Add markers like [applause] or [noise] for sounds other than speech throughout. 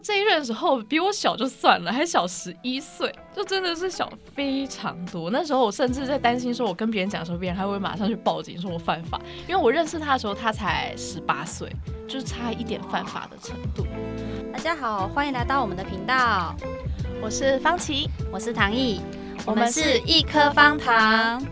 這一任的時候比我小就算了，還小十一歲，就真的是小非常多。那時候我甚至在擔心，說我跟別人講的時候，別人還會馬上去報警，說我犯法。因為我認識他的時候，他才十八歲，就是差一點犯法的程度。大家好，歡迎來到我們的頻道，我是方琪，我是唐毅，我們是一顆方糖。方糖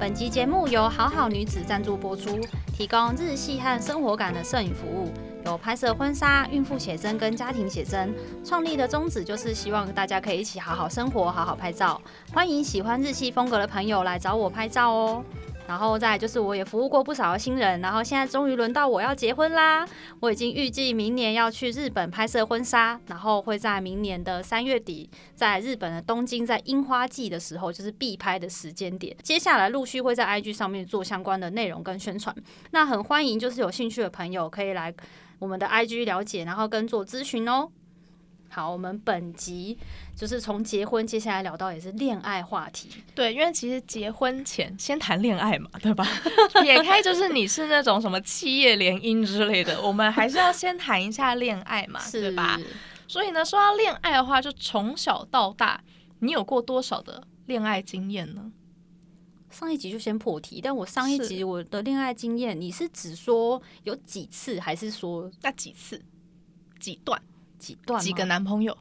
本集節目由好好女子贊助播出，提供日系和生活感的攝影服務，有拍攝婚紗、孕婦寫真跟家庭寫真，創立的宗旨就是希望大家可以一起好好生活、好好拍照。歡迎喜歡日系風格的朋友來找我拍照哦。然後再就是我也服務過不少的新人，然後現在終於輪到我要結婚啦！我已經預計明年要去日本拍攝婚紗，然後會在明年的三月底在日本的東京，在櫻花季的時候就是必拍的時間點。接下來陸續會在 IG 上面做相關的內容跟宣傳。那很歡迎就是有興趣的朋友可以來。我們的 I G 了解，然後跟做諮詢哦。好，我們本集就是從結婚接下來聊到也是戀愛話題。對，因為其實結婚前先談戀愛嘛，對吧？點開就是你是那種什麼企業聯姻之類的， [laughs] 我們還是要先談一下戀愛嘛，對吧？是所以呢，說到戀愛的話，就從小到大，你有過多少的戀愛經驗呢？上一集就先破題，但我上一集我的戀愛經驗，是你是只說有幾次，還是說那幾次幾段幾段幾個男朋友？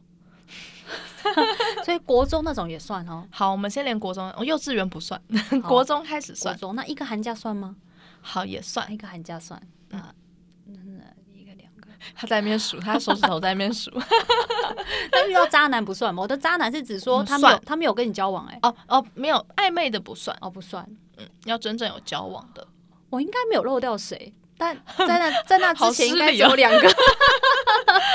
[laughs] 所以國中那種也算哦。好，我們先連國中，哦、幼稚園不算，國中開始算。國中那一個寒假算嗎？好，也算一個寒假算。嗯。他在那邊數，他手指頭在那邊數。 [laughs] 但遇到渣男不算嗎？我的渣男是指說他沒有，嗯、他沒有跟你交往誒。哦哦，沒有曖昧的不算哦？不算。嗯，要真正有交往的，我應該沒有漏掉誰。但在那在那之前應該有兩個，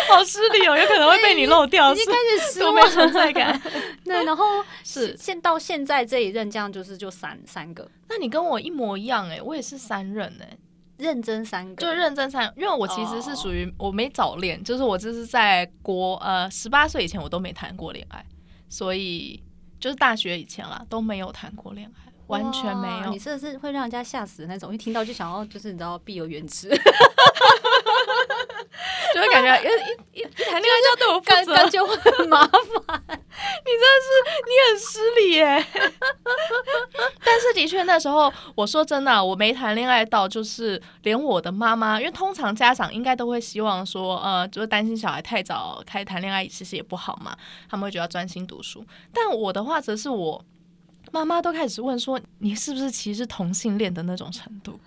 好失禮哦， [laughs] 哦，有可能會被你漏掉。是一開始失禮都沒有存在感。對， [laughs] 然後是現到現在這一任這樣，就是就三三個。那你跟我一模一樣誒，我也是三任誒。認真三個，就認真三個，因為我其實是屬於我沒早戀，oh. 就是我這是在國呃十八歲以前我都沒談過戀愛，所以就是大學以前啦都沒有談過戀愛，oh. 完全沒有。你是不是會讓人家嚇死的那種？一聽到就想要就是你知道避而遠之。 [laughs] 就會感覺， [laughs] 一一,一談戀愛就要對我負責，就感覺我很麻煩。 [laughs] 你真的是，你很失禮哎， [laughs] 但是的確，那時候我說真的，我沒談戀愛到，就是連我的媽媽，因為通常家長應該都會希望說，呃，就是擔心小孩太早開始談戀愛，其實也不好嘛。他們會覺得專心讀書。但我的話，則是我媽媽都開始問說，你是不是其實是同性戀的那種程度？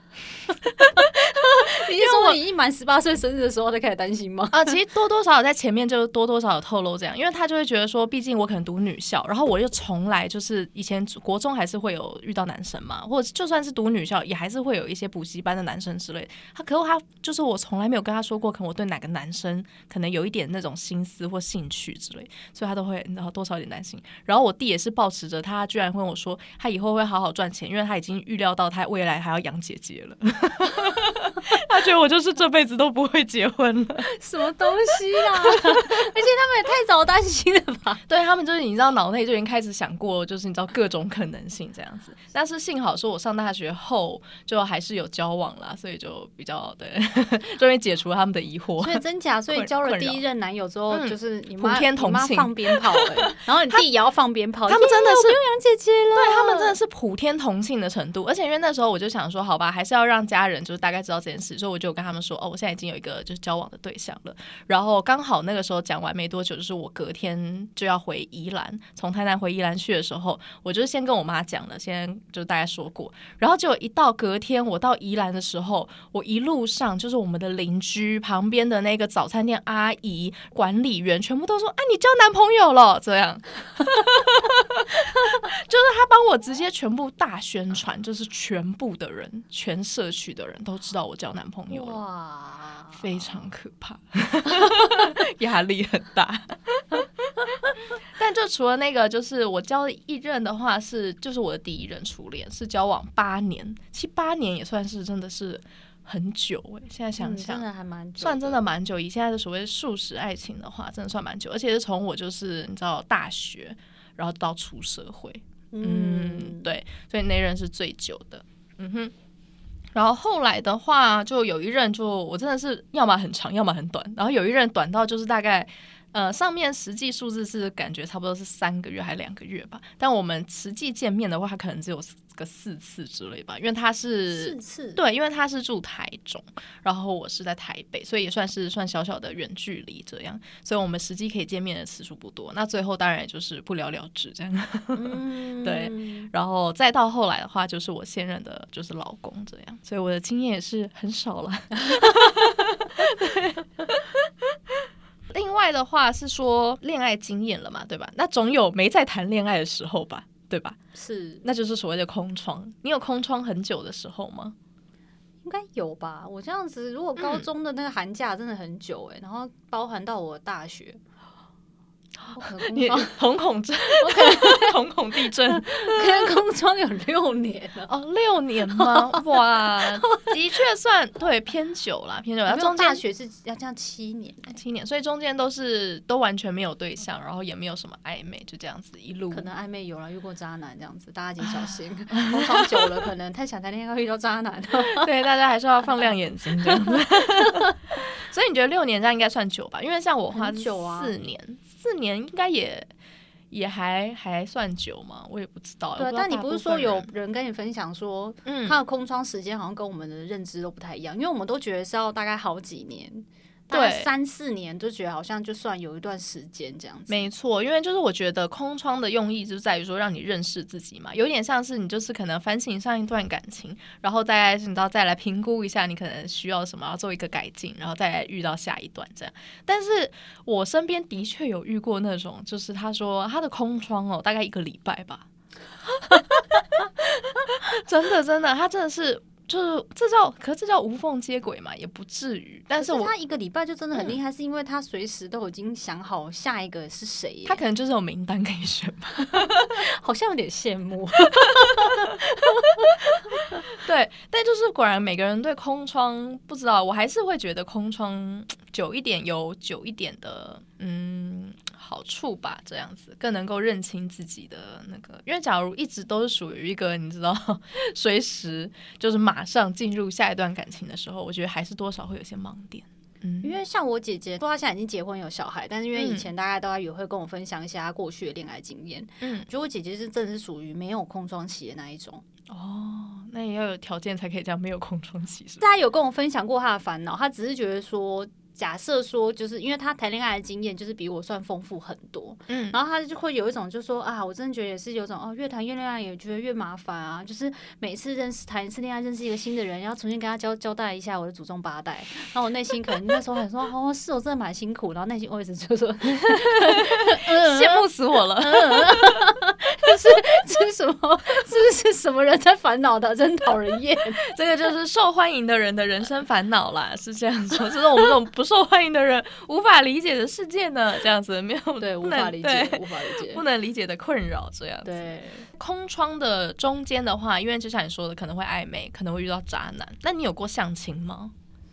因為我一滿十八歲生日的時候，就開始擔心嗎？啊、呃，其實多多少少在前面就多多少少透露這樣，因為他就會覺得說，畢竟我可能讀女校，然後我又從來就是以前國中還是會有遇到男生嘛，或者就算是讀女校，也還是會有一些補習班的男生之類的。可是他可他就是我從來沒有跟他說過，可能我對哪個男生可能有一點那種心思或興趣之類的，所以他都會然後多少有點擔心。然後我弟也是抱持着他，他居然問我說，他以後會好好賺錢，因為他已經預料到他未來還要養姐姐了。 [laughs] 他覺得我就是這輩子都不會結婚了， [laughs] 什麼東西啊！ [laughs] 而且他們也太早擔心了吧。對，對他們就是你知道腦內就已經開始想過，就是你知道各種可能性這樣子。但是幸好說我上大學後就還是有交往啦，所以就比較對終於解除了他們的疑惑。所以真假，所以交了第一任男友之後，嗯、就是你媽媽放鞭炮了、欸，然後你弟也要放鞭炮，他，他們真的是欸、不用養姐姐了，對他們真的是普天同慶的程度。而且因為那時候我就想說，好吧，還是。要讓家人就是大概知道這件事，所以我就跟他們說：“哦，我現在已經有一個就是交往的對象了。”然後剛好那個時候講完沒多久，就是我隔天就要回宜蘭，從台南回宜蘭去的時候，我就先跟我媽講了，先就大概說過。然後就一到隔天，我到宜蘭的時候，我一路上就是我們的鄰居旁邊的那個早餐店阿姨、管理員，全部都說：“啊，你交男朋友了？”這樣， [laughs] 就是他幫我直接全部大宣傳，就是全部的人全。社區的人都知道我交男朋友了，哇非常可怕，壓 [laughs] [laughs] 力很大。 [laughs] [laughs] 但就除了那個，就是我交一任的話，是就是我的第一任初戀，是交往八年，七八年也算是真的是很久哎，欸。現在想想，算，真的蠻久。以現在的所謂速食愛情的話，真的算蠻久，而且是從我就是你知道大學，然後到出社會，嗯，嗯對，所以那任是最久的，嗯哼。然後後來的話，就有一任就我真的是要麼很長，要麼很短。然後有一任短到就是大概。呃，上面實際數字是感覺差不多是三個月還是兩個月吧，但我們實際見面的話，他可能只有個四次之類吧，因為他是四次對，因為他是住台中，然後我是在台北，所以也算是算小小的遠距離這樣，所以我們實際可以見面的次數不多，那最後當然也就是不了了之這樣。嗯、 [laughs] 對，然後再到後來的話，就是我現任的就是老公這樣，所以我的經驗也是很少了。 [laughs] [laughs] [laughs] 另外的話是說戀愛經驗了嘛，對吧？那總有沒在談戀愛的時候吧，對吧？是，那就是所謂的空窗。你有空窗很久的時候嗎？應該有吧。我這樣子，如果高中的那個寒假真的很久誒，欸，嗯，然後包含到我大學。瞳孔震，瞳孔地震。天空窗有六年哦，六年嗎？哇，的確算對偏久了，偏久了。中大學是要這樣七年，七年，所以中間都是都完全沒有對象，然後也沒有什麼曖昧，就這樣子一路。可能曖昧有了，遇過渣男這樣子，大家就小心。空窗久了，可能太想談戀愛，遇到渣男。對，大家還是要放亮眼睛。所以你覺得六年這樣應該算久吧？因為像我花四年。四年應該也也還還算久嘛，我也不知道。對，但你不是說有人跟你分享說，他的空窗時間好像跟我們的認知都不太一樣，嗯，因為我們都覺得是要大概好幾年。對，三四年就覺得好像就算有一段時間這樣子。沒錯，因為就是我覺得空窗的用意就在於說，讓你認識自己嘛，有點像是你就是可能反省上一段感情，然後再來，你知道再來評估一下你可能需要什麼，要做一個改進，然後再來遇到下一段這樣。但是我身邊的確有遇過那種，就是他說他的空窗哦，大概一個禮拜吧， [laughs] 真的真的，他真的是。就是這叫，可這叫無縫接軌嘛，也不至於。但是我，可是他一個禮拜就真的很厲害，嗯，是因為他隨時都已經想好下一個是誰。他可能就是有名單可以選吧， [laughs] 好像有點羨慕。 [laughs] [laughs] 對，但就是果然，每個人對空窗不知道，我還是會覺得空窗久一點有久一點的，嗯，好處吧，這樣子更能夠認清自己的那個。因為假如一直都是屬於一個你知道，隨時就是馬上進入下一段感情的時候，我覺得還是多少會有些盲點。嗯，因為像我姐姐，雖、嗯、她現在已經結婚有小孩，但是因為以前大家都有會跟我分享一些她過去的戀愛經驗。嗯，就我姐姐是正是屬於沒有空窗期的那一種。哦，那也要有條件才可以這樣，沒有空窗期是是。大家有跟我分享過他的煩惱，他只是覺得說。假設說，就是因為他談戀愛的經驗就是比我算豐富很多，嗯，然後他就會有一種就說啊，我真的覺得也是有種哦，越談越戀愛也覺得越麻煩啊，就是每次認識談一次戀愛認識一個新的人，要重新跟他交交代一下我的祖宗八代， [laughs] 然後我內心可能那時候還說哦，是我真的蠻辛苦，然後內心我一直就說 [laughs] [laughs] 羨慕死我了， [laughs] [laughs] [laughs] 就是這是什麼？這是，是什麼人在煩惱的？真的討人厭！ [laughs] 這個就是受歡迎的人的人，的人生煩惱啦，是這樣說，就是我們這種不。 [laughs] 受歡迎的人無法理解的世界呢，這樣子沒有對，無法理解，無法理解，對理解不能理解的困擾這樣子。對空窗的中間的話，因為就像你說的，可能會曖昧，可能會遇到渣男。那你有過相親嗎？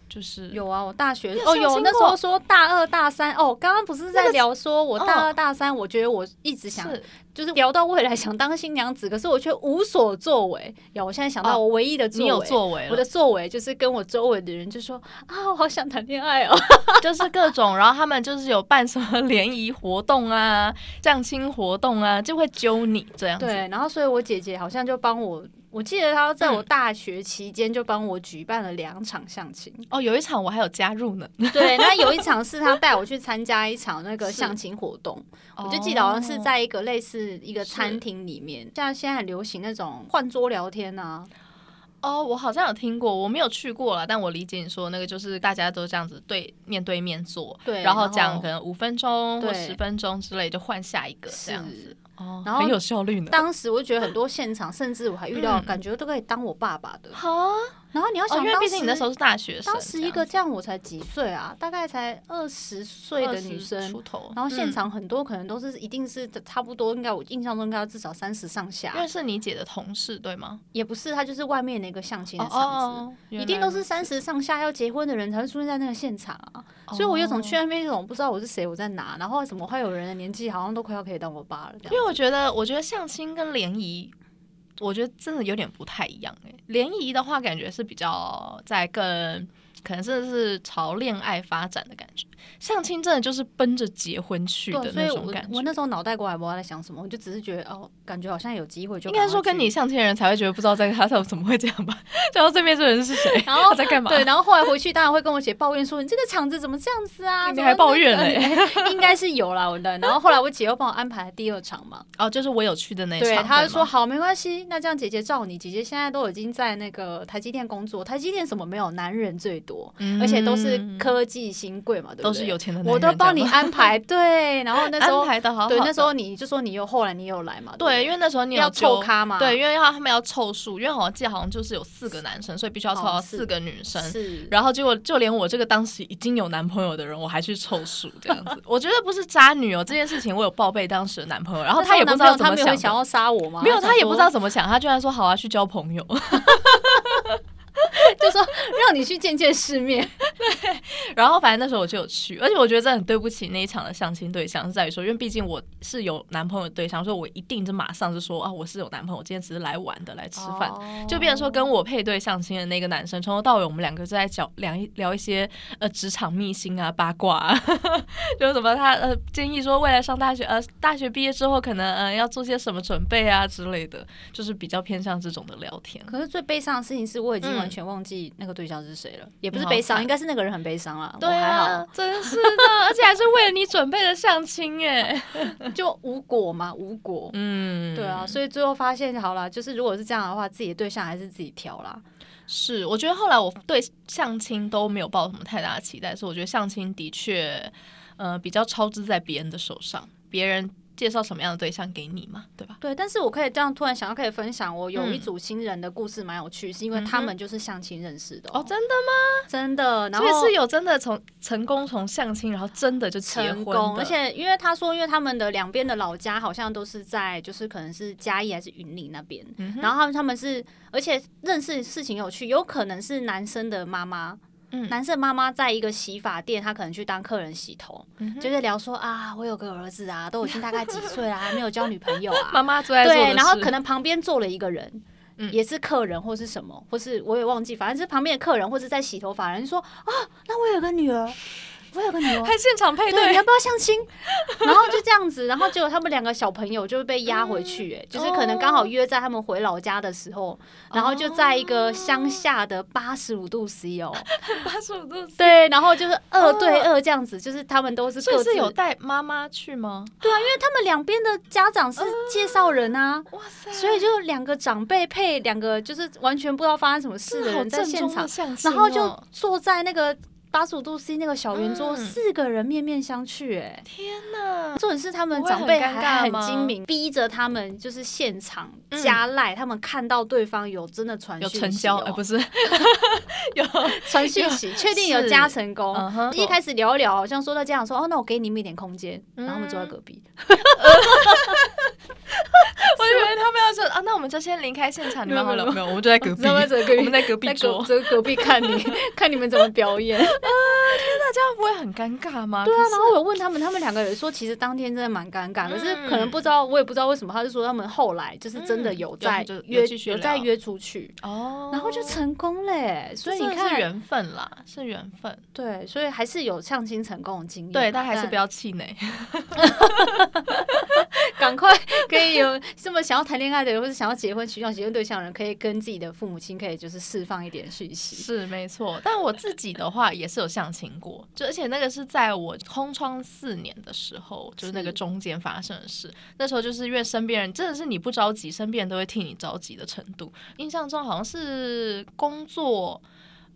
就是有啊，我大學有哦有那時候說大二大三哦，剛剛不是在聊說我大二大三，我覺得我一直想是就是聊到未來想當新娘子，可是我卻無所作為。有，我現在想到我唯一的作為，哦，你有作為，我的作為就是跟我周圍的人就說啊，我好想談戀愛哦，就是各種。 [laughs] 然後他們就是有辦什麼聯誼活動啊、相親活動啊，就會揪你這樣子。對，然後所以我姐姐好像就幫我。我記得他在我大學期間就幫我舉辦了兩場相親、嗯、哦，有一場我還有加入呢。對，那有一場是他帶我去參加一場那個相親活動，哦、我就記得好像是在一個類似一個餐廳裡面，是像現在很流行那種換桌聊天啊。哦，我好像有聽過，我沒有去過了，但我理解你說那個就是大家都這樣子對面對面坐，對，然後這樣可能五分鐘對或十分鐘之類就換下一個這樣子。是哦，很有效率。當時我就覺得很多現場，甚至我還遇到感覺都可以當我爸爸的。好，然後你要想當時、哦，因為畢竟你那時候是大學生，當時一個這樣我才幾歲啊，大概才二十歲的女生出頭。然後現場很多可能都是，一定是差不多，應該我印象中應該要至少三十上下。因為是你姐的同事對嗎？也不是，他就是外面的一個相親的場子。哦，哦哦，一定都是三十上下要結婚的人才會出現在那個現場啊。所以我有種去那邊那種，種不知道我是誰我在哪，然後怎麼會有人，的年紀好像都快要可以當我爸了這樣的。我覺得，我覺得相親跟聯誼，我覺得真的有點不太一樣。聯誼的話，感覺是比較在更，可能是是朝戀愛發展的感覺。相親真的就是奔着結婚去的那種感覺。我，我那時候腦袋瓜也不知道在想什麼，我就只是覺得哦，感覺好像有機會就。就應該說跟你相親的人才會覺得不知道在他上怎麼會這樣吧？然後對面這人是誰，然後他在幹嘛？對，然後後來回去，當然會跟我姐抱怨說：“ [laughs] 你這個場子怎麼這樣子啊？”那個、你還抱怨呢？ [laughs] 應該是有啦，我的。然後後來我姐又幫我安排第二場嘛。 [laughs] 哦，就是我有去的那一場。對，她就說：“嗎好，沒關係，那這樣姐姐照你。姐姐現在都已經在那個台積電工作，台積電什麼沒有，男人最多，嗯、而且都是科技新貴嘛，對。”對都是有錢的人，我都幫你安排。對，然後那時候安排得好好的，對，那時候你就說你又後來你又來嘛。對，對因為那時候你要湊咖嘛，對，因為要他們要湊數，因為好像記得好像就是有四個男生，所以必須要湊到四個女生。是，然後結果就連我這個當時已經有男朋友的人，我還去湊數這樣子。 [laughs] 我覺得不是渣女哦、喔，這件事情我有報備當時的男朋友，然後他也不知道怎麼，他，他沒有想要殺我嗎？沒有，他也不知道怎麼想，他居然說好啊，去交朋友。 [laughs] [laughs] 就說讓你去見見世面，對。然後反正那時候我就有去，而且我覺得這很對不起那一場的相親對象，是在於說，因為畢竟我是有男朋友對象，所以我一定就馬上就說啊，我是有男朋友，今天只是來玩的，來吃飯。Oh. 就變成說跟我配對相親的那個男生，從頭到尾我們兩個就在聊一聊一些呃職場秘辛啊、八卦啊， [laughs] 就什麼他呃建議說未來上大學呃大學畢業之後可能呃要做些什麼準備啊之類的，就是比較偏向這種的聊天。可是最悲傷的事情是我已經完全、嗯。忘記那個對象是誰了，也不是悲傷，應該是那個人很悲傷啦。對啊，真是的， [laughs] 而且還是為了你準備的相親，哎， [laughs] 就無果嘛，無果。嗯，對啊，所以最後發現好啦，就是如果是這樣的話，自己的對象還是自己挑啦。是，我覺得後來我對相親都沒有抱什麼太大的期待，所以我覺得相親的確，呃，比較操之在別人的手上，別人。介紹什麼樣的對象給你嘛，對吧？對，但是我可以這樣突然想到，可以分享我有一組新人的故事，蠻有趣，嗯、是因為他們就是相親認識的哦。哦，真的嗎？真的，然後所以是有真的從成功從相親，然後真的就結婚的成功，而且因為他說，因為他們的兩邊的老家好像都是在，就是可能是嘉義還是雲林那邊，嗯、哼然後他們他們是，而且認識事情有趣，有可能是男生的媽媽。嗯，男生媽媽在一個洗髮店，他可能去當客人洗頭，嗯、哼就是聊說啊，我有個兒子啊，都已經大概幾歲了，啊，還 [laughs] 沒有交女朋友啊。媽媽坐在對，然後可能旁邊坐了一個人，嗯、也是客人或是什麼，或是我也忘記，反正是旁邊的客人或者在洗頭髮人說啊，那我有個女兒。我有個女兒，還現場配對，對，你要不要相親？ [laughs] 然後就這樣子，然後結果他們兩個小朋友就被押回去、欸，嗯、就是可能剛好約在他們回老家的時候，嗯、然後就在一個鄉下的八十五度 C 哦，八十五度對，然後就是二對二這樣子，哦、就是他們都是各自是有帶媽媽去嗎？對啊，因為他們兩邊的家長是介紹人啊、嗯，哇塞，所以就兩個長輩配兩個，就是完全不知道發生什麼事的人在現場，哦、然後就坐在那個。八十五度 C 那個小圓桌，四個人面面相覷，哎，天哪！重點是他們長輩還很精明，逼着他們就是現場加賴。他們看到對方有真的傳有傳訊息，不是有傳訊息，確定有加成功。一開始聊一聊，好像說到家長，說哦，那我給你們一點空間，然後我們坐在隔壁。我以為他們要說啊，那我們就先離開現場，沒有沒沒有，我們就在隔壁，我們在隔壁隔壁看你，看你們怎麼表演。啊，天大這樣不會很尷尬嗎？對啊，然後我問他們，他們兩個人說，其實當天真的蠻尷尬，可是可能不知道，我也不知道為什麼，他就說他們後來就是真的有在約，有在約出去哦，然後就成功了。所以你看，是緣分啦，是緣分。對，所以還是有相親成功的經驗，對，大家還是不要氣餒，趕快。 [laughs] 可以有這麼想要談戀愛的人， [laughs] 或者是想要結婚、尋找結婚對象的人，可以跟自己的父母親，可以就是釋放一點訊息。是沒錯，但我自己的話也是有相親過， [laughs] 就而且那個是在我空窗四年的時候，就是那個中間發生的事。是那時候就是因為身邊人真的是你不着急，身邊人都會替你着急的程度。印象中好像是工作，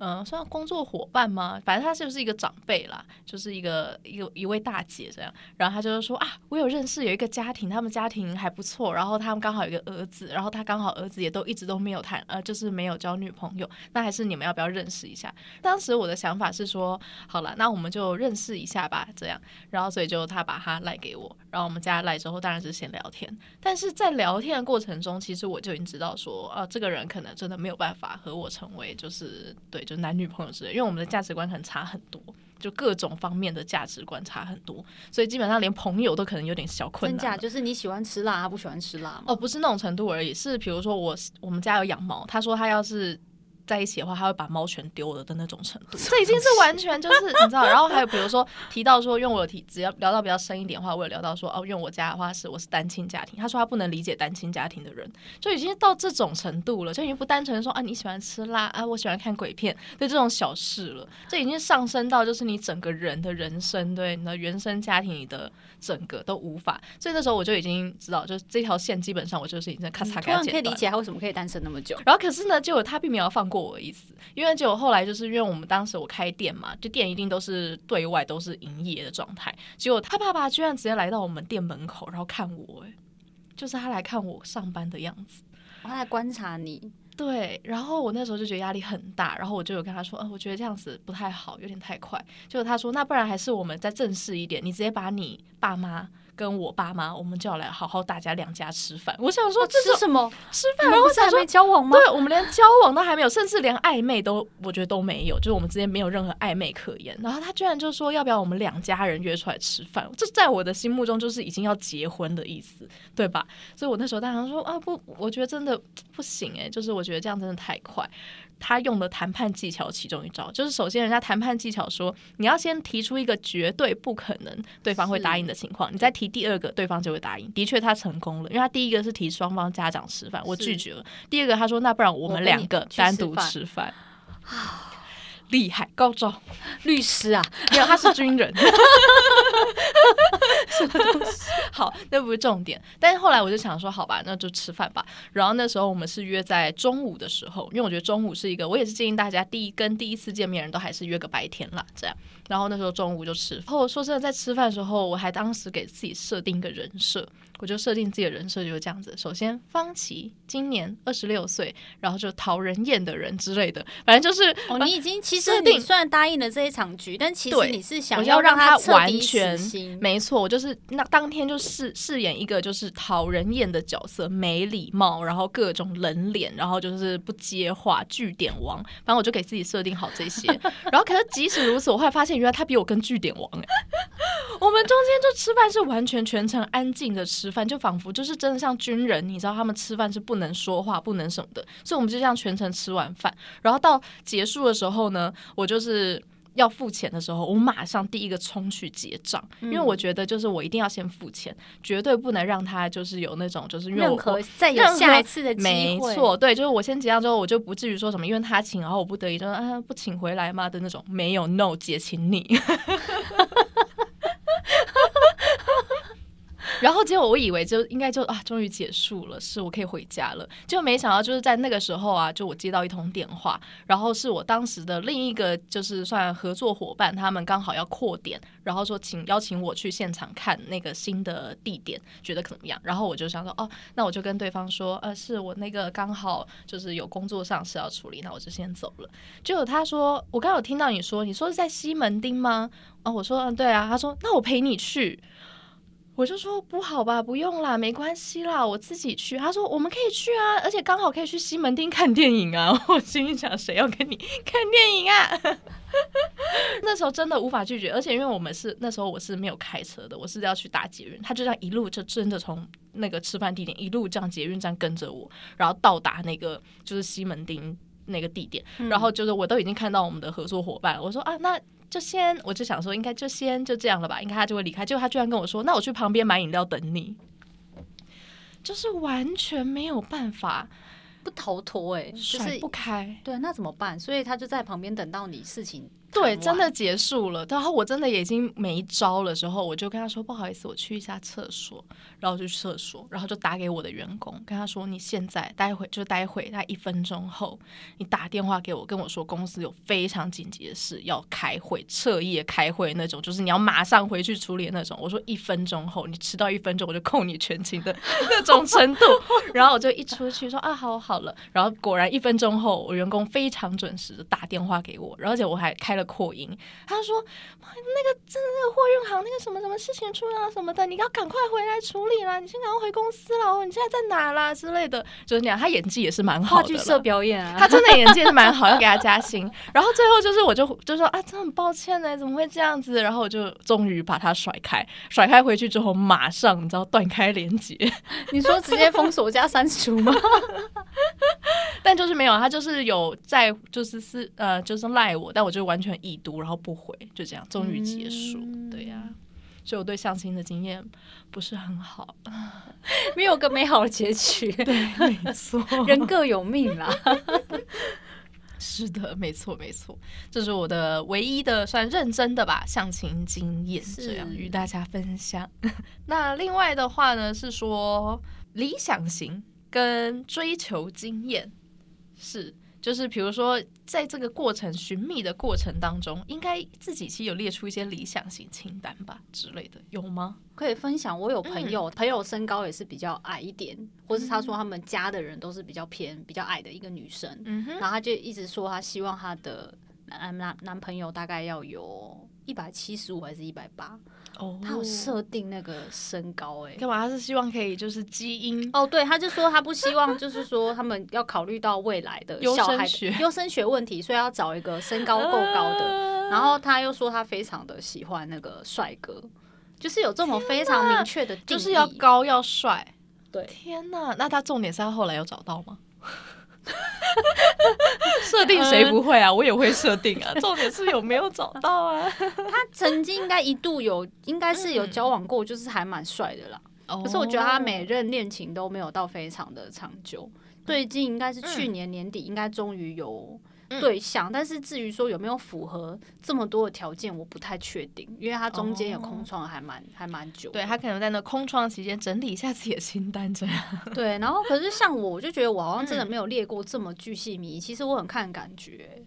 嗯，算工作夥伴嗎？反正他是就是一個長輩啦，就是一個一一位大姐這樣。然後他就是說啊，我有認識有一個家庭，他們家庭還不錯，然後他們剛好有一個兒子，然後他剛好兒子也都一直都沒有談，呃，就是沒有交女朋友。那還是你們要不要認識一下？當時我的想法是說，好了，那我們就認識一下吧，這樣。然後所以就他把他賴給我，然後我們加賴之後，當然是先聊天。但是在聊天的過程中，其實我就已經知道說，呃，這個人可能真的沒有辦法和我成為，就是對。男女朋友之類，因為我們的價值觀可能差很多，就各種方面的價值觀差很多，所以基本上連朋友都可能有點小困難。真假？就是你喜歡吃辣，不喜歡吃辣嗎？哦，不是那種程度而已，是比如說我我們家有養貓，他說他要是，在一起的話，他會把貓全丟了的那種程度，這已經是完全就是 [laughs] 你知道。然後還有比如說提到說用我提，只要聊到比較深一點的話，我有聊到說哦，用我家的話是我是單親家庭，他說他不能理解單親家庭的人，就已經到這種程度了，就已經不單純說啊你喜歡吃辣啊，我喜歡看鬼片，對這種小事了，這已經上升到就是你整個人的人生，對你的原生家庭你的整個都無法。所以那時候我就已經知道，就是這條線基本上我就是已經咔嚓咔嚓。了、嗯。突然可以理解他為什麼可以單身那麼久。然後可是呢，就有他並沒有放。過我的意思，因為結果後來就是因為我們當時我開店嘛，就店一定都是對外都是營業的狀態。結果他爸爸居然直接來到我們店門口，然後看我，哎，就是他來看我上班的樣子，他來觀察你。對，然後我那時候就覺得壓力很大，然後我就有跟他說，呃，我覺得這樣子不太好，有點太快。結果他說，那不然還是我們再正式一點，你直接把你爸媽。跟我爸媽，我們就要來好好大家兩家吃飯。我想說這是、哦、什麼吃飯？我想說還沒交往嗎？對，我們連交往都還沒有，甚至連曖昧都我覺得都沒有，就是我們之間沒有任何曖昧可言。然後他居然就說要不要我們兩家人約出來吃飯？這在我的心目中就是已經要結婚的意思，對吧？所以，我那時候當然說啊，不，我覺得真的不行哎、欸，就是我覺得這樣真的太快。他用的談判技巧其中一招，就是首先人家談判技巧說，你要先提出一個絕對不可能對方會答應的情況，是你再提第二個，對方就會答應。的確，他成功了，因為他第一個是提雙方家長吃飯，我拒絕了；是第二個他說，那不然我們兩個單獨吃飯。 [laughs] 厲害高招！律師啊？沒有，他是軍人， [laughs] [laughs] 什麼東西？好，那不是重點。但是後來我就想說，好吧，那就吃飯吧。然後那時候我們是約在中午的時候，因為我覺得中午是一個，我也是建議大家第一跟第一次見面人都還是約個白天啦，這樣。然後那時候中午就吃。然後說真的，在吃飯的時候，我還當時給自己設定一個人設，我就設定自己的人設就是這樣子。首先，方琦今年二十六歲，然後就討人厭的人之類的，反正就是。哦、你已經定其實你雖然答應了這一場局，但其實你是想要讓他，要讓他完全。沒錯，我就是那當天就飾飾演一個就是討人厭的角色，沒禮貌，然後各種冷臉，然後就是不接話，句點王。反正我就給自己設定好這些。 [laughs] 然後，可是即使如此，我後來發現。原來他比我更句點王，哎， [laughs] 我們中間就吃飯是完全全程安靜的吃飯，就仿佛就是真的像軍人，你知道他們吃飯是不能說話、不能什麼的，所以我們就這樣全程吃完飯，然後到結束的時候呢，我就是。要付錢的時候，我馬上第一個衝去結賬，嗯、因為我覺得就是我一定要先付錢，絕對不能讓他就是有那種就是任何，再有下一次的機會，沒錯，對，就是我先結賬之後，我就不至於說什麼因為他請，然後我不得已就說啊不請回來嘛的那種，沒有，no，結，請你。 [laughs] 然後結果我以為就應該就啊，終於結束了，是我可以回家了。就沒想到就是在那個時候啊，就我接到一通電話，然後是我當時的另一個就是算合作夥伴，他們剛好要擴點，然後說請邀請我去現場看那個新的地點，覺得怎麼樣？然後我就想說哦，那我就跟對方說，呃、啊，是我那個剛好就是有工作上是要處理，那我就先走了。結果他說，我剛剛有聽到你說，你說是在西門町嗎？啊、哦，我說嗯、啊，對啊。他說那我陪你去。我就說不好吧，不用啦，沒關係啦，我自己去。他說我們可以去啊，而且剛好可以去西門町看電影啊。我心裡想，誰要跟你看電影啊？ [laughs] 那時候真的無法拒絕，而且因為我們是那時候我是沒有開車的，我是要去搭捷運，他就這樣一路就真的從那個吃飯地點一路這樣捷運站跟着我，然後到達那個就是西門町那個地點，嗯、然後就是我都已經看到我們的合作夥伴，我說啊那。就先，我就想說，應該就先就這樣了吧，應該他就會離開。結果他居然跟我說：“那我去旁邊買飲料等你。”就是完全沒有辦法不逃脫，哎，就是甩不開。對，那怎麼辦？所以他就在旁邊等到你事情。對，真的結束了。然後我真的已經沒招了，之後我就跟他說：“不好意思，我去一下廁所。”然後就去廁所，然後就打給我的員工，跟他說：“你現在待會就待會，他一分鐘後，你打電話給我，跟我說公司有非常緊急的事要開會，徹夜開會那種，就是你要馬上回去處理那種。”我說：“一分鐘後，你遲到一分鐘，我就扣你全勤的那種程度。” [laughs] 然後我就一出去說：“啊，好，好了。”然後果然一分鐘後，我員工非常準時的打電話給我，而且我還開了。擴音，他說：“那個真的貨運行那個什麼什麼事情出了什麼的，你要趕快回來處理啦！你先趕快回公司啦！哦，你現在在哪啦？之類的，就是那樣。他演技也是蠻好的，話劇社表演啊。他真的演技也是蠻好，要 [laughs] 給他加薪。然後最後就是，我就就說啊，真的很抱歉呢，怎麼會這樣子？然後我就終於把他甩開，甩開回去之後，馬上你知道斷開連接。你說直接封鎖加刪除嗎？ [laughs] 但就是沒有，他就是有在，就是是呃，就是賴我，但我就完全。”已讀，然後不回，就這樣，終於結束。嗯、對呀、啊，所以我對相親的經驗不是很好，沒有個美好的結局。 [laughs] 對沒錯，人各有命啦。 [laughs] 是的，沒錯，沒錯，這是我的唯一的算認真的吧相親經驗，這樣與大家分享。是那另外的話呢，是說理想型跟追求經驗是。就是比如說，在這個過程尋覓的過程當中，應該自己其實有列出一些理想型清單吧之類的，有嗎？可以分享？我有朋友，嗯、朋友身高也是比較矮一點，或是他說他們家的人都是比較偏比較矮的一個女生，嗯、哼然後他就一直說他希望他的男男男朋友大概要有一百七十五還是一百八。他有設定那個身高哎、欸，幹嘛？他是希望可以就是基因哦？對，他就說他不希望就是說他們要考慮到未來的小孩的優生學問題，所以要找一個身高夠高的。啊、然後他又說他非常的喜歡那個帥哥，就是有這種非常明確的、啊，就是要高要帥。對，天哪、啊，那他重點是他後來有找到嗎？ [laughs] 設定誰不會啊？嗯、我也會設定啊。重點是有沒有找到啊？ [laughs] 他曾經應該一度有，應該是有交往過，嗯、就是還蠻帥的啦。哦、可是我覺得他每任戀情都沒有到非常的長久。最近應該是去年年底，應該終於有。對象，但是至於說有沒有符合這麼多的條件，我不太確定，因為他中間有空窗，哦、還蠻還蠻久。對，他可能在那空窗期間整理一下自己的清單，這樣。對，然後可是像我，我就覺得我好像真的沒有列過這麼巨細靡遺，嗯、其實我很看的感覺、欸。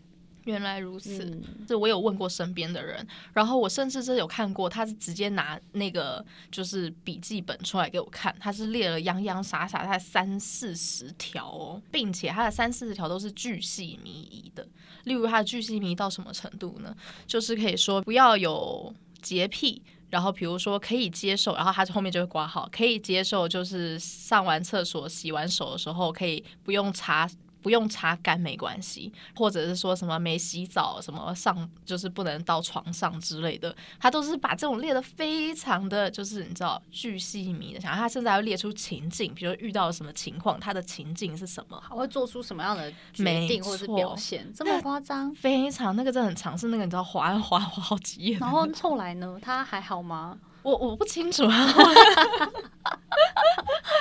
原來如此，這、嗯、我有問過身邊的人，然後我甚至是有看過，他是直接拿那個就是筆記本出來給我看，他是列了洋洋灑灑大概三四十條、哦、並且他的三四十條都是巨細靡遺的。例如他的巨細靡遺到什麼程度呢？就是可以說不要有潔癖，然後比如說可以接受，然後他後面就會括號，可以接受就是上完廁所洗完手的時候可以不用擦，不用擦乾沒關係，或者是說什麼沒洗澡，什麼上就是不能到床上之類的，他都是把這種列得非常的就是你知道巨細膩的，想他甚至還會列出情境，比如遇到什麼情況，他的情境是什麼，還會做出什麼樣的決定錯或者是表現。這麼誇張，非常那個真的很長，是那個你知道劃了劃好幾頁。然後後來呢，他還好嗎？我我不清楚啊。 [laughs]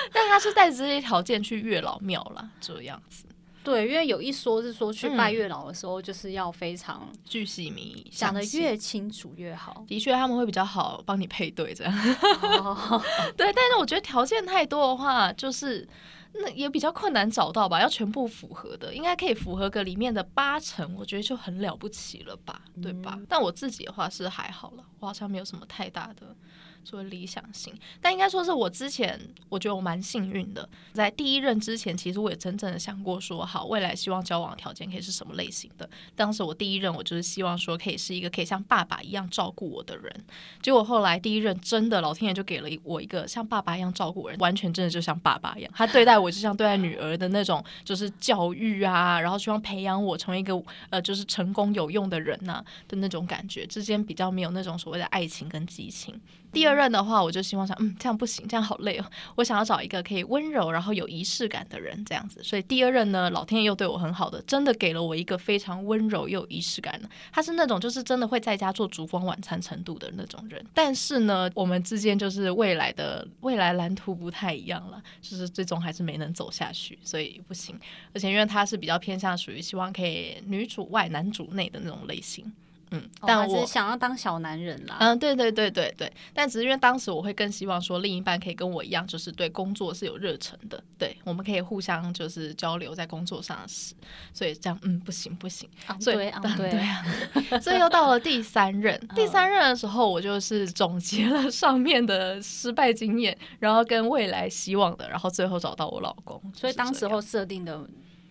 [laughs] 但他是帶着這些條件去月老廟了，這樣子。對，因為有一說是說去拜月老的時候，就是要非常巨細、嗯、靡，想得越清楚越好。的確，他們會比較好幫你配對，這樣。 [laughs] oh, oh, oh. 對，但是我覺得條件太多的話，就是那也比較困難找到吧，要全部符合的，應該可以符合個裡面的八成，我覺得就很了不起了吧，嗯、對吧？但我自己的話是還好了，我好像沒有什麼太大的。做理想型，但應該說是我之前，我覺得我蠻幸運的，在第一任之前，其實我也真正的想過說，好，未來希望交往條件可以是什麼類型的。當時我第一任，我就是希望說可以是一個可以像爸爸一樣照顧我的人。結果後來第一任真的，老天爺就給了我一個像爸爸一樣照顧人，完全真的就像爸爸一樣，他對待我就像對待女兒的那種，就是教育啊，然後希望培養我成為一個呃，就是成功有用的人吶、啊、的那種感覺。之間比較沒有那種所謂的愛情跟激情。第二任的話，我就希望想，嗯，這樣不行，這樣好累哦。我想要找一個可以溫柔，然後有儀式感的人，這樣子。所以第二任呢，老天爺又對我很好的，真的給了我一個非常溫柔又有儀式感的。他是那種就是真的會在家做燭光晚餐程度的那種人。但是呢，我們之間就是未來的未來藍圖不太一樣了，就是最終還是沒能走下去，所以不行。而且因為他是比較偏向屬於希望可以女主外男主內的那種類型。嗯，但我，哦，只是想要當小男人啦。嗯，對對對對對，但只是因為當時我會更希望說，另一半可以跟我一樣，就是對工作是有熱忱的，對，我們可以互相就是交流在工作上的事，所以這樣嗯，不行不行，不行，嗯、所以對啊、嗯、對，嗯、對 [laughs] 所以又到了第三任， [laughs] 嗯、第三任的時候，我就是總結了上面的失敗經驗，然後跟未來希望的，然後最後找到我老公，就是、所以當時候設定的。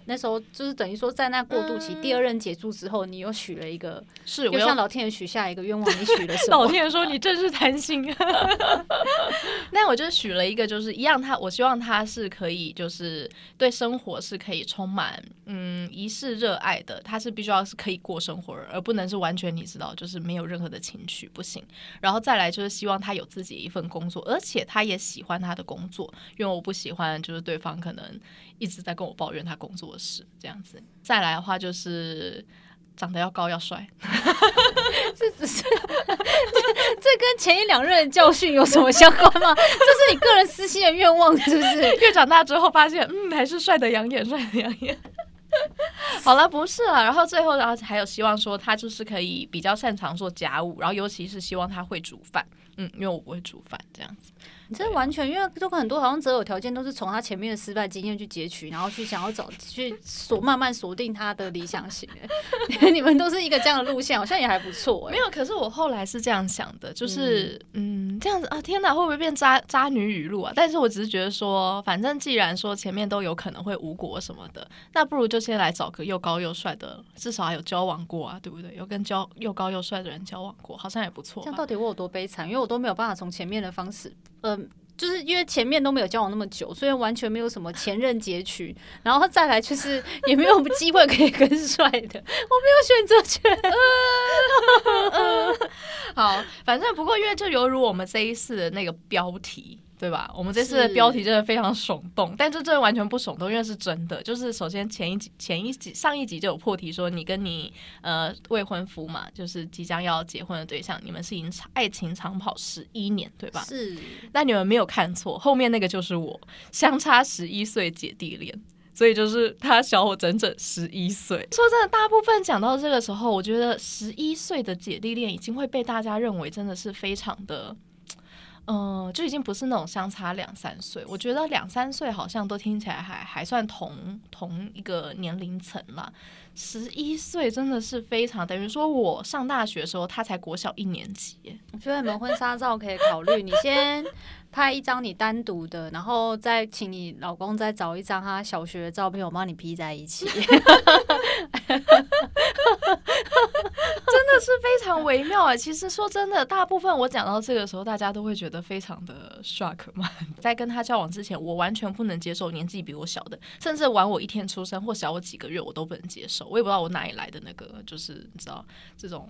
那時候就是等於說在那過渡期，嗯、第二任結束之後，你又許了一個，是我向老天爺許下一個願望。你許了什麼的？ [laughs] 老天爺說你真是貪心。 [laughs] [laughs] 那我就許了一個，就是一樣他，他我希望他是可以，就是對生活是可以充滿嗯一世熱愛的，他是必須要是可以過生活而不能是完全你知道，就是沒有任何的情趣不行。然後再來就是希望他有自己一份工作，而且他也喜歡他的工作，因為我不喜歡就是對方可能一直在跟我抱怨他工作的。是這樣子，再來的話就是長得要高要帥。這只是這跟前一兩任的教訓有什麼相關嗎？ [laughs] 這是你個人私心的願望，是不是？越長大之後發現，嗯，還是帥得養眼，帥得養眼。 [laughs] 好了，不是了，然後最後然後還有希望說他就是可以比較擅長做家務，然後尤其是希望他會煮飯，嗯，因為我不會煮飯，這樣子。這完全因為就很多好像擇偶條件都是從他前面的失敗經驗去截取，然後去想要找去鎖慢慢鎖定他的理想型。 [laughs] 你們都是一個這樣的路線，好像也還不錯。沒有，可是我後來是這樣想的，就是嗯，嗯，這樣子啊，天哪，會不會變渣渣女語錄啊？但是我只是覺得說，反正既然說前面都有可能會無果什麼的，那不如就先來找個又高又帥的，至少還有交往過啊，對不對？有跟交又高又帥的人交往過，好像也不錯。這樣到底我有多悲慘？因為我都沒有辦法從前面的方式。嗯、呃，就是因為前面都沒有交往那麼久，所以完全沒有什麼前任截取。然後再來就是也沒有機會可以跟帥的， [laughs] 我沒有選擇權。 [laughs] [laughs] [laughs] 嗯，好，反正不過因為就猶如我們這一次的那個標題。對吧？我們這次的標題真的非常聳動，是但這真的完全不聳動，因為是真的。就是首先前一集、前一集、上一集就有破題說，你跟你呃未婚夫嘛，就是即將要結婚的對象，你們是已經愛情長跑十一年，對吧？是。那你們沒有看錯，後面那個就是我，相差十一歲姐弟戀，所以就是他小我整整十一歲。說真的，大部分講到這個時候，我覺得十一歲的姐弟戀已經會被大家認為真的是非常的。嗯、呃，就已經不是那種相差兩三歲。我覺得兩三歲好像都聽起來還還算同同一個年齡層嘛。十一歲真的是非常，等於說我上大學的時候，他才國小一年級耶。我覺得你們婚紗照可以考慮，你先拍一張你單獨的， [laughs] 然後再請你老公再找一張他小學的照片，我幫你 P 在一起。 [laughs] [laughs] [laughs] 真的是非常微妙啊！其實說真的，大部分我講到這個時候，大家都會覺得非常的 shock 嘛。在跟他交往之前，我完全不能接受年紀比我小的，甚至晚我一天出生或小我幾個月，我都不能接受。我也不知道我哪裡來的那個，就是你知道這種。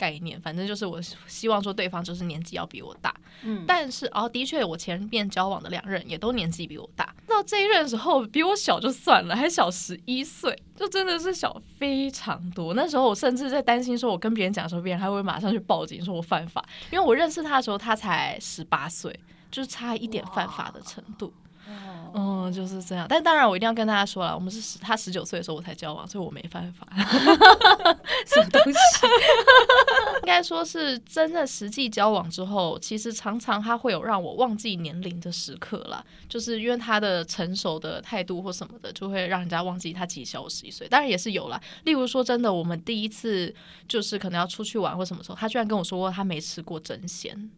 概念，反正就是我希望說對方就是年紀要比我大，嗯，但是啊、哦，的確我前面交往的兩任也都年紀比我大，到這一任的時候比我小就算了，還小十一歲，就真的是小非常多。那時候我甚至在擔心說，我跟別人講說，別人還會馬上去報警說我犯法，因為我認識他的時候他才十八歲，就是差一點犯法的程度。嗯，就是這樣。但當然，我一定要跟大家說了，我們是十，他十九歲的時候我才交往，所以我沒犯法。 [laughs] [laughs] 什麼東西？ [laughs] 應該說是真的實際交往之後，其實常常他會有讓我忘記年齡的時刻啦，就是因為他的成熟的態度或什麼的，就會讓人家忘記他幾小我十一歲。當然也是有啦，例如說真的，我們第一次就是可能要出去玩或什麼時候，他居然跟我說過他沒吃過針線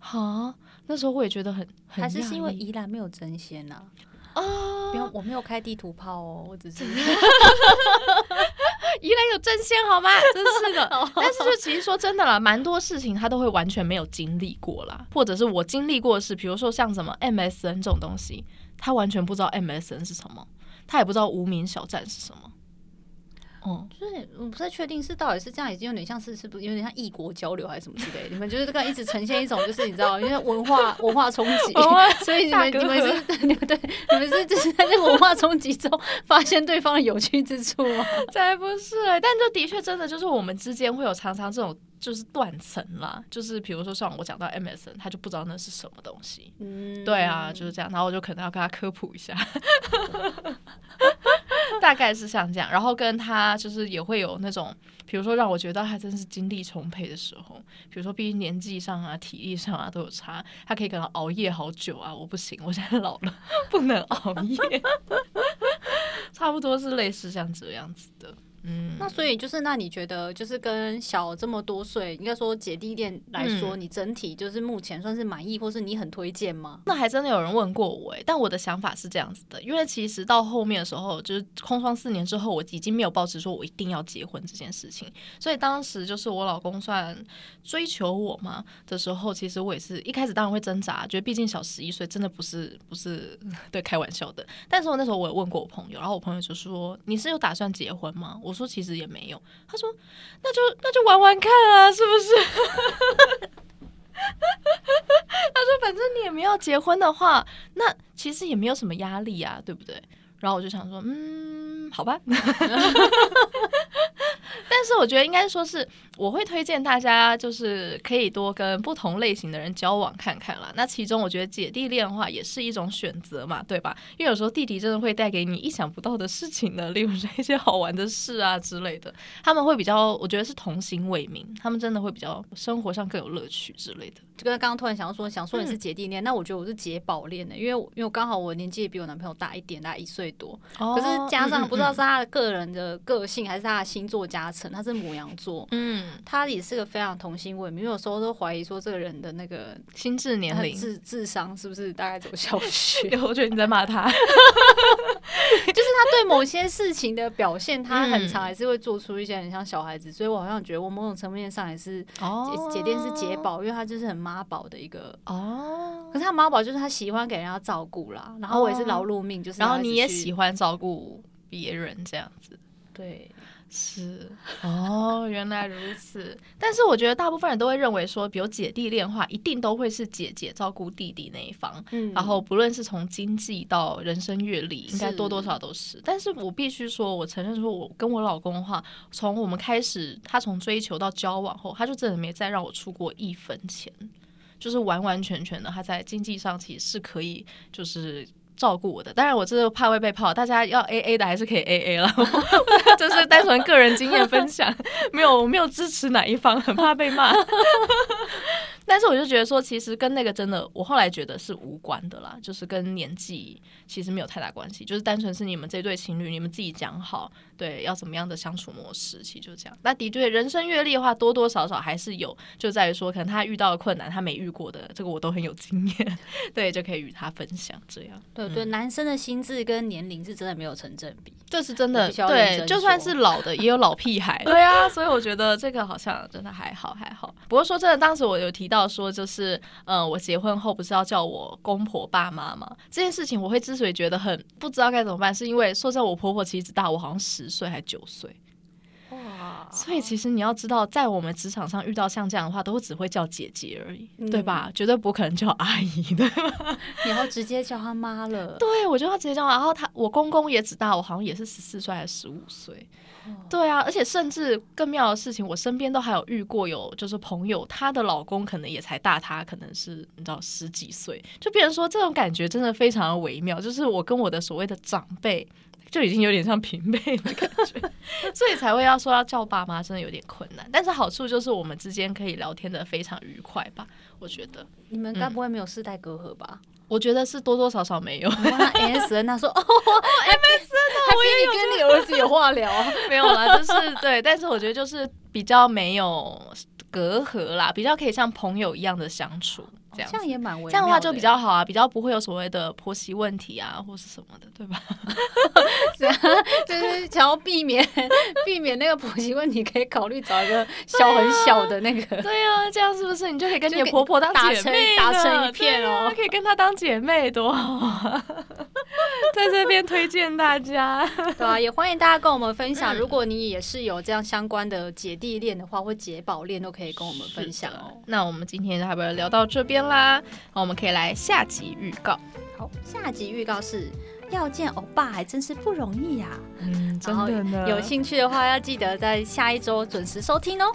好。哈那時候我也覺得很很還是因為宜蘭沒有爭先吶啊！沒有、uh,，我沒有開地圖炮哦，我只是真的 [laughs] 宜蘭有爭先好嗎？真是的。 [laughs] 但是就其實說真的啦，蠻多事情他都會完全沒有經歷過啦，或者是我經歷過的事，比如說像什麼 MSN 這種東西，他完全不知道 MSN 是什麼，他也不知道無名小站是什麼。哦，就是、嗯、我不太確定是到底是這樣，已經有點像是是不是有點像異國交流還是什麼之類？ [laughs] 你們就是這個一直呈現一種就是你知道，因為文化文化衝擊， [laughs] 文化 所以你們格格你們是你們對你們是就是在這個文化衝擊中發現對方的有趣之處嗎？才不是哎、欸，但這的確真的就是我們之間會有常常這種就是斷層啦，就是比如說像我講到 MSN 他就不知道那是什麼東西，嗯，對啊，就是這樣，然後我就可能要跟他科普一下。 [laughs] [laughs] [laughs] 大概是像這樣，然後跟他就是也會有那種，比如說讓我覺得他真是精力充沛的時候，比如說畢竟年紀上啊、體力上啊都有差，他可以可能熬夜好久啊，我不行，我現在老了，不能熬夜， [laughs] 差不多是類似像這樣子樣子的。嗯，那所以就是，那你覺得就是跟小這麼多歲，應該說姐弟戀來說，嗯、你整體就是目前算是滿意，或是你很推薦嗎？那還真的有人問過我哎、欸，但我的想法是這樣子的，因為其實到後面的時候，就是空窗四年之後，我已經沒有抱持說我一定要結婚這件事情，所以當時就是我老公算追求我嘛的時候，其實我也是一開始當然會掙扎，覺得畢竟小十一歲，真的不是不是對開玩笑的。但是我那時候我也問過我朋友，然後我朋友就說：“你是有打算結婚嗎？”我說，其實也沒有，他說，那就那就玩玩看啊，是不是？他 [laughs] 說，反正你也沒有結婚的話，那其實也沒有什麼壓力啊，對不對？然後我就想說，嗯，好吧。 [laughs] [laughs] [laughs] 但是我覺得應該說是我會推薦大家，就是可以多跟不同類型的人交往看看啦。那其中我覺得姐弟戀的話也是一種選擇嘛，對吧？因為有時候弟弟真的會帶給你意想不到的事情的，例如說一些好玩的事啊之類的。他們會比較，我覺得是童心未泯，他們真的會比較生活上更有樂趣之類的。就跟剛剛突然想說，想說你是姐弟戀，嗯、那我覺得我是姐寶戀的、欸，因為我因為我剛好我年紀比我男朋友大一點，大概一歲多。哦，、可是加上不知道是他的個人的個性還是他的星座家、嗯嗯嗯阿成，他是牡羊座，嗯，他也是個非常童心未泯，有時候都懷疑說這個人的那個心智年齡、智智商是不是大概走小學？我覺得你在罵他，就是他對某些事情的表現，他很常還是會做出一些很像小孩子，嗯、所以我好像覺得我某種層面上也是哦，姐弟是姐寶，因為他就是很媽寶的一個哦，可是他媽寶就是他喜歡給人家照顧啦，然後我也是勞碌命，哦、就是然後你也喜歡照顧別人這樣子，對。是哦，原來如此。 [laughs] 但是我覺得大部分人都會認為說，比如姐弟戀的話，一定都會是姐姐照顧弟弟那一方。嗯，然後不論是從經濟到人生閱歷，應該多多少都是。是但是我必須說，我承認說，我跟我老公的話，從我們開始，他從追求到交往後，他就真的沒再讓我出過一分錢，就是完完全全的他在經濟上其實是可以，就是。照顧我的，當然我這個怕會被泡，大家要 A A 的還是可以 A A 了， [laughs] [laughs] 就是單純個人經驗分享，沒有我沒有支持哪一方，很怕被罵。 [laughs] 但是我就覺得說，其實跟那個真的，我後來覺得是無關的啦，就是跟年紀其實沒有太大關係，就是單純是你們這對情侶，你們自己講好，對，要怎麼樣的相處模式，其實就這樣。那的確，人生閱歷的話，多多少少還是有，就在於說，可能他遇到的困難，他沒遇過的，這個我都很有經驗，對，就可以與他分享。這樣，對對，嗯，男生的心智跟年齡是真的沒有成正比，這是真的，對，就算是老的，也有老屁孩， [laughs] 對啊，所以我覺得這個好像真的還好，還好。不過說真的，當時我有提到。要說就是，嗯、呃，我結婚後不是要叫我公婆爸媽嗎？這件事情我會之所以覺得很不知道該怎麼辦，是因為說在我婆婆其實大我好像十歲還九歲。哇，所以其實你要知道，在我們職場上遇到像這樣的話，都只會叫姐姐而已，嗯、對吧？絕對不可能叫阿姨的，你要直接叫他媽了。對，我就要直接叫。然後他，我公公也只大我，好像也是十四歲還是十五歲。哇對啊，而且甚至更妙的事情，我身邊都還有遇過有，就是朋友她的老公可能也才大她，他可能是你知道十幾歲，就別人說這種感覺真的非常的微妙，就是我跟我的所謂的長輩就已經有點像平輩的感覺， [laughs] 所以才會要說要叫爸媽，真的有點困難。但是好處就是我們之間可以聊天的非常愉快吧，我覺得。嗯、你們該不會沒有世代隔閡吧？我覺得是多多少少沒有 問他 S 那。S N，他說哦，M S 還。 [laughs] 我也有跟你兒子有話聊、啊， [laughs] 沒有啦，就是對，但是我覺得就是比較沒有隔閡啦，比較可以像朋友一樣的相處，這樣、哦、這樣也蠻微妙的。這樣的話就比較好啊，比較不會有所謂的婆媳問題啊，或是什麼的，對吧？這樣 [laughs] 就是想要避免避免那個婆媳問題，可以考慮找一個小很小的那個，對呀、啊啊，這樣是不是你就可以跟你婆婆當姐妹，打成，成一片哦、喔啊，可以跟她當姐妹，多好。啊。 [laughs] 在這邊推薦大家， [laughs] 對啊，也歡迎大家跟我們分享。如果你也是有這樣相關的姐弟戀的話，或姐寶戀，都可以跟我們分享哦。那我們今天要不要聊到這邊啦，那我們可以來下集預告。好，下集預告是要見歐巴還真是不容易呀，啊，嗯，真的呢。有興趣的話，要記得在下一周準時收聽哦。